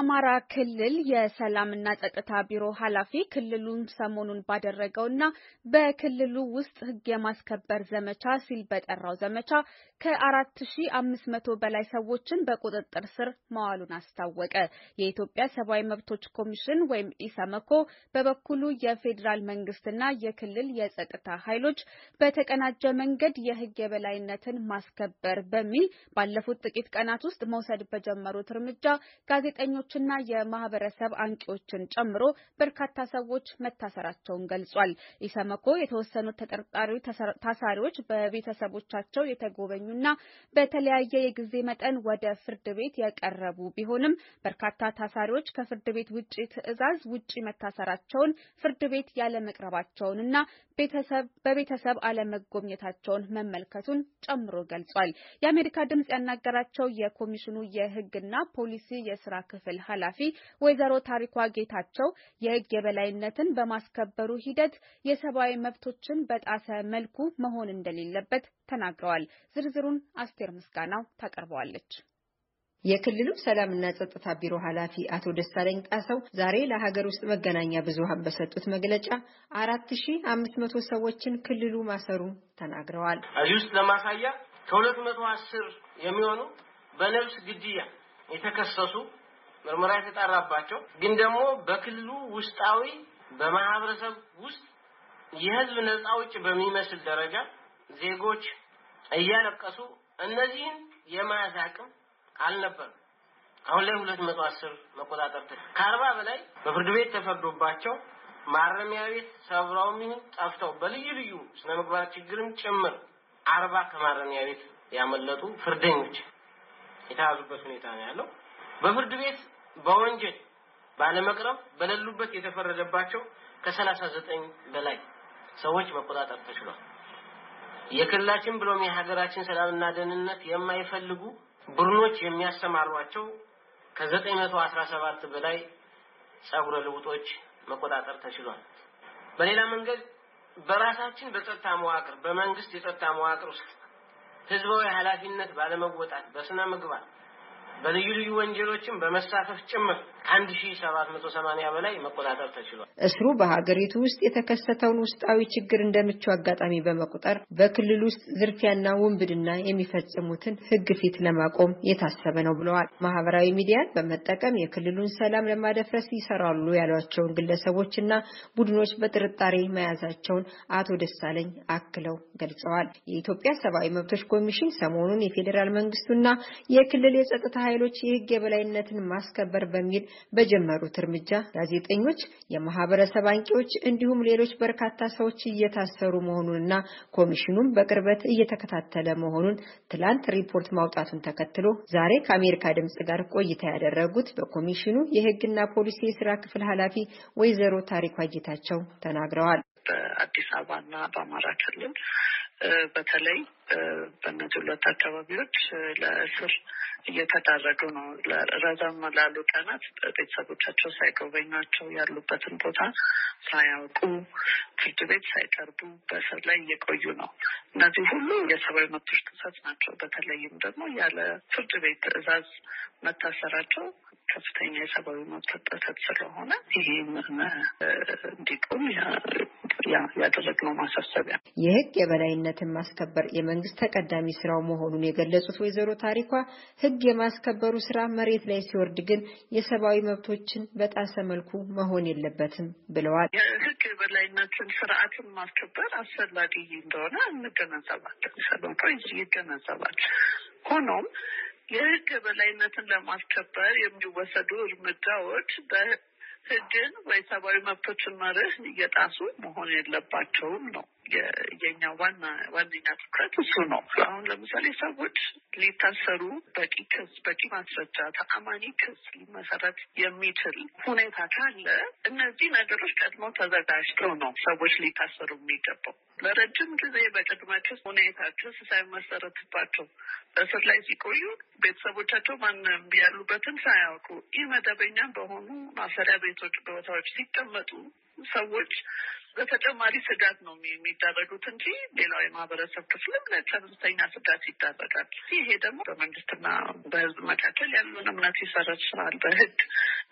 የአማራ ክልል የሰላምና ጸጥታ ቢሮ ኃላፊ ክልሉን ሰሞኑን ባደረገውና በክልሉ ውስጥ ሕግ የማስከበር ዘመቻ ሲል በጠራው ዘመቻ ከአራት ሺ አምስት መቶ በላይ ሰዎችን በቁጥጥር ስር መዋሉን አስታወቀ። የኢትዮጵያ ሰብአዊ መብቶች ኮሚሽን ወይም ኢሰመኮ በበኩሉ የፌዴራል መንግስትና የክልል የጸጥታ ኃይሎች በተቀናጀ መንገድ የሕግ የበላይነትን ማስከበር በሚል ባለፉት ጥቂት ቀናት ውስጥ መውሰድ በጀመሩት እርምጃ ጋዜጠኞች ሰዎችና የማህበረሰብ አንቂዎችን ጨምሮ በርካታ ሰዎች መታሰራቸውን ገልጿል። ኢሰመኮ የተወሰኑት ተጠርጣሪ ታሳሪዎች በቤተሰቦቻቸው የተጎበኙና በተለያየ የጊዜ መጠን ወደ ፍርድ ቤት የቀረቡ ቢሆንም በርካታ ታሳሪዎች ከፍርድ ቤት ውጭ ትዕዛዝ ውጭ መታሰራቸውን ፍርድ ቤት ያለመቅረባቸውንና በቤተሰብ አለመጎብኘታቸውን መመልከቱን ጨምሮ ገልጿል። የአሜሪካ ድምጽ ያናገራቸው የኮሚሽኑ የህግና ፖሊሲ የስራ ክፍል ክፍል ኃላፊ ወይዘሮ ታሪኳ ጌታቸው የህግ የበላይነትን በማስከበሩ ሂደት የሰብአዊ መብቶችን በጣሰ መልኩ መሆን እንደሌለበት ተናግረዋል። ዝርዝሩን አስቴር ምስጋናው ታቀርበዋለች። የክልሉ ሰላምና ጸጥታ ቢሮ ኃላፊ አቶ ደሳለኝ ጣሰው ዛሬ ለሀገር ውስጥ መገናኛ ብዙሃን በሰጡት መግለጫ አራት ሺ አምስት መቶ ሰዎችን ክልሉ ማሰሩ ተናግረዋል። እዚህ ውስጥ ለማሳያ ከሁለት መቶ አስር የሚሆኑ በነብስ ግድያ የተከሰሱ ምርመራ የተጣራባቸው ግን ደግሞ በክልሉ ውስጣዊ በማህበረሰብ ውስጥ የህዝብ ነጻ አውጪ በሚመስል ደረጃ ዜጎች እያለቀሱ እነዚህን የመያዝ አቅም አልነበርም። አሁን ላይ ሁለት መቶ አስር መቆጣጠር ከአርባ በላይ በፍርድ ቤት ተፈርዶባቸው ማረሚያ ቤት ሰብራውም ጠፍተው በልዩ ልዩ ስነ ምግባር ችግርም ጭምር አርባ ከማረሚያ ቤት ያመለጡ ፍርደኞች የተያዙበት ሁኔታ ነው ያለው። በፍርድ ቤት በወንጀል ባለመቅረብ በሌሉበት የተፈረደባቸው ከ 39 በላይ ሰዎች መቆጣጠር ተችሏል። የክልላችን ብሎም የሀገራችን ሰላምና ደህንነት የማይፈልጉ ቡድኖች የሚያሰማሯቸው ከ 917 በላይ ጸጉረ ልውጦች መቆጣጠር ተችሏል። በሌላ መንገድ በራሳችን በጸጥታ መዋቅር በመንግስት የጸጥታ መዋቅር ውስጥ ህዝባዊ ኃላፊነት ባለመወጣት በስነ ምግባር በልዩ ልዩ ወንጀሎችም በመሳተፍ ጭምር አንድ ሺ ሰባት መቶ ሰማኒያ በላይ መቆጣጠር ተችሏል። እስሩ በሀገሪቱ ውስጥ የተከሰተውን ውስጣዊ ችግር እንደምቹ አጋጣሚ በመቁጠር በክልል ውስጥ ዝርፊያና ውንብድና የሚፈጽሙትን ሕግ ፊት ለማቆም የታሰበ ነው ብለዋል። ማህበራዊ ሚዲያን በመጠቀም የክልሉን ሰላም ለማደፍረስ ይሰራሉ ያሏቸውን ግለሰቦችና ቡድኖች በጥርጣሬ መያዛቸውን አቶ ደሳለኝ አክለው ገልጸዋል። የኢትዮጵያ ሰብአዊ መብቶች ኮሚሽን ሰሞኑን የፌዴራል መንግስቱና የክልል የጸጥታ ኃይሎች የህግ የበላይነትን ማስከበር በሚል በጀመሩት እርምጃ ጋዜጠኞች፣ የማህበረሰብ አንቂዎች እንዲሁም ሌሎች በርካታ ሰዎች እየታሰሩ መሆኑንና ኮሚሽኑም በቅርበት እየተከታተለ መሆኑን ትላንት ሪፖርት ማውጣቱን ተከትሎ ዛሬ ከአሜሪካ ድምጽ ጋር ቆይታ ያደረጉት በኮሚሽኑ የህግና ፖሊሲ የስራ ክፍል ኃላፊ ወይዘሮ ታሪኳ ጌታቸው ተናግረዋል። በአዲስ አበባና በአማራ ክልል በተለይ በእነዚህ ሁለት አካባቢዎች ለእስር እየተዳረጉ ነው። ረዘም ላሉ ቀናት ቤተሰቦቻቸው ሳይጎበኛቸው ያሉበትን ቦታ ሳያውቁ ፍርድ ቤት ሳይቀርቡ በእስር ላይ እየቆዩ ነው። እነዚህ ሁሉ የሰብአዊ መብቶች ጥሰት ናቸው። በተለይም ደግሞ ያለ ፍርድ ቤት ትዕዛዝ መታሰራቸው ከፍተኛ የሰብአዊ መብት ጥሰት ስለሆነ ይህም እንዲቆም ያደረግነው ማሳሰቢያ። የህግ የበላይነትን ማስከበር የመንግስት ተቀዳሚ ስራው መሆኑን የገለጹት ወይዘሮ ታሪኳ ህግ የማስከበሩ ስራ መሬት ላይ ሲወርድ ግን የሰብአዊ መብቶችን በጣሰ መልኩ መሆን የለበትም ብለዋል። የህግ የበላይነትን ስርዓትን ማስከበር አስፈላጊ እንደሆነ እንገነዘባለን፣ ይገነዘባል። ሆኖም የህግ የበላይነትን ለማስከበር የሚወሰዱ እርምጃዎች ህግን ወይ ሰብአዊ መብቶችን መርህ እየጣሱ መሆን የለባቸውም ነው። የኛ ዋና ዋነኛ ትኩረት እሱ ነው። አሁን ለምሳሌ ሰዎች ሊታሰሩ በቂ ክስ፣ በቂ ማስረጃ፣ ተአማኒ ክስ ሊመሰረት የሚችል ሁኔታ ካለ እነዚህ ነገሮች ቀድሞ ተዘጋጅተው ነው ሰዎች ሊታሰሩ የሚገባው። ለረጅም ጊዜ በቅድመ ክስ ሁኔታ ክስ ሳይመሰረትባቸው በስር ላይ ሲቆዩ ቤተሰቦቻቸው ማንም ያሉበትን ሳያውቁ ይህ መደበኛ በሆኑ ማሰሪያ ቤቶች ቦታዎች ሲቀመጡ ሰዎች በተጨማሪ ስጋት ነው የሚደረጉት እንጂ ሌላው የማህበረሰብ ክፍልም ለተመሳኛ ስጋት ይዳረጋል። ይሄ ደግሞ በመንግስትና በህዝብ መካከል ያለውን እምነት ይሰረስራል። በህግ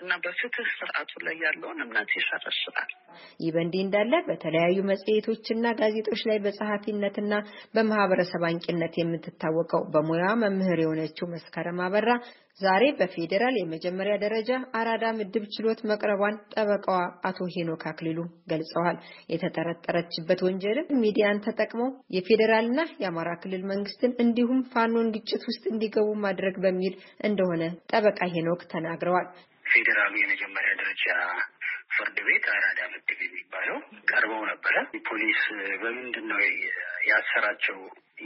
እና በፍትህ ስርዓቱ ላይ ያለውን እምነት ይሸረሽራል። ይህ በእንዲህ እንዳለ በተለያዩ መጽሔቶችና ጋዜጦች ላይ በጸሐፊነትና በማህበረሰብ አንቂነት የምትታወቀው በሙያ መምህር የሆነችው መስከረም አበራ ዛሬ በፌዴራል የመጀመሪያ ደረጃ አራዳ ምድብ ችሎት መቅረቧን ጠበቃዋ አቶ ሄኖክ አክሊሉ ገልጸዋል። የተጠረጠረችበት ወንጀልም ሚዲያን ተጠቅመው የፌዴራልና የአማራ ክልል መንግስትን እንዲሁም ፋኖን ግጭት ውስጥ እንዲገቡ ማድረግ በሚል እንደሆነ ጠበቃ ሄኖክ ተናግረዋል። ፌዴራሉ የመጀመሪያ ደረጃ ፍርድ ቤት አራዳ ምድብ የሚባለው ቀርበው ነበረ። ፖሊስ በምንድን ነው ያሰራቸው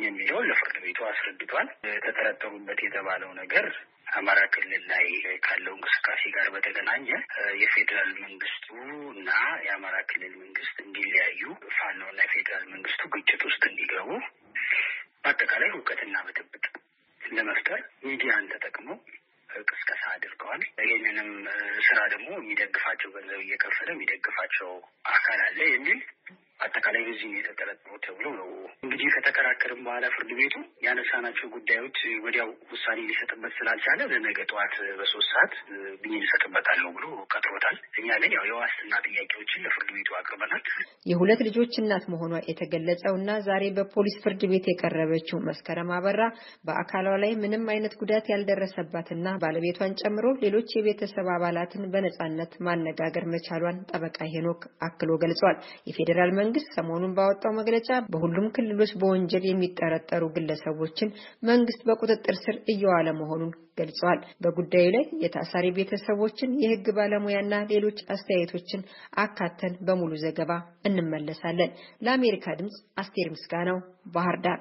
የሚለው ለፍርድ ቤቱ አስረድቷል። ተጠረጠሩበት የተባለው ነገር አማራ ክልል ላይ ካለው እንቅስቃሴ ጋር በተገናኘ የፌዴራል መንግስቱ እና የአማራ ክልል መንግስት እንዲለያዩ፣ ፋኖና የፌዴራል መንግስቱ ግጭት ውስጥ እንዲገቡ፣ በአጠቃላይ እውቀትና ብጥብጥ ለመፍጠር ሚዲያን ተጠቅመው ቅስቀሳ አድርገዋል። ይህንንም ስራ ደግሞ የሚደግፋቸው ገንዘብ እየከፈለ የሚደግፋቸው አካል አለ የሚል አጠቃላይ በዚህ ነው ተብሎ ነው እንግዲህ ከተከራከርም በኋላ ፍርድ ቤቱ ያነሳናቸው ጉዳዮች ወዲያው ውሳኔ ሊሰጥበት ስላልቻለ ለነገ ጠዋት በሶስት ሰዓት ብይን እሰጥበታለሁ ብሎ ቀጥሮታል። እኛ ግን ያው የዋስትና ጥያቄዎችን ለፍርድ ቤቱ አቅርበናል። የሁለት ልጆች እናት መሆኗ የተገለጸው እና ዛሬ በፖሊስ ፍርድ ቤት የቀረበችው መስከረም አበራ በአካሏ ላይ ምንም አይነት ጉዳት ያልደረሰባትና ባለቤቷን ጨምሮ ሌሎች የቤተሰብ አባላትን በነጻነት ማነጋገር መቻሏን ጠበቃ ሄኖክ አክሎ ገልጿል። የፌዴራል መንግስት መንግስት ሰሞኑን ባወጣው መግለጫ በሁሉም ክልሎች በወንጀል የሚጠረጠሩ ግለሰቦችን መንግስት በቁጥጥር ስር እየዋለ መሆኑን ገልጸዋል። በጉዳዩ ላይ የታሳሪ ቤተሰቦችን፣ የህግ ባለሙያና ሌሎች አስተያየቶችን አካተን በሙሉ ዘገባ እንመለሳለን። ለአሜሪካ ድምፅ አስቴር ምስጋናው ባህር ዳር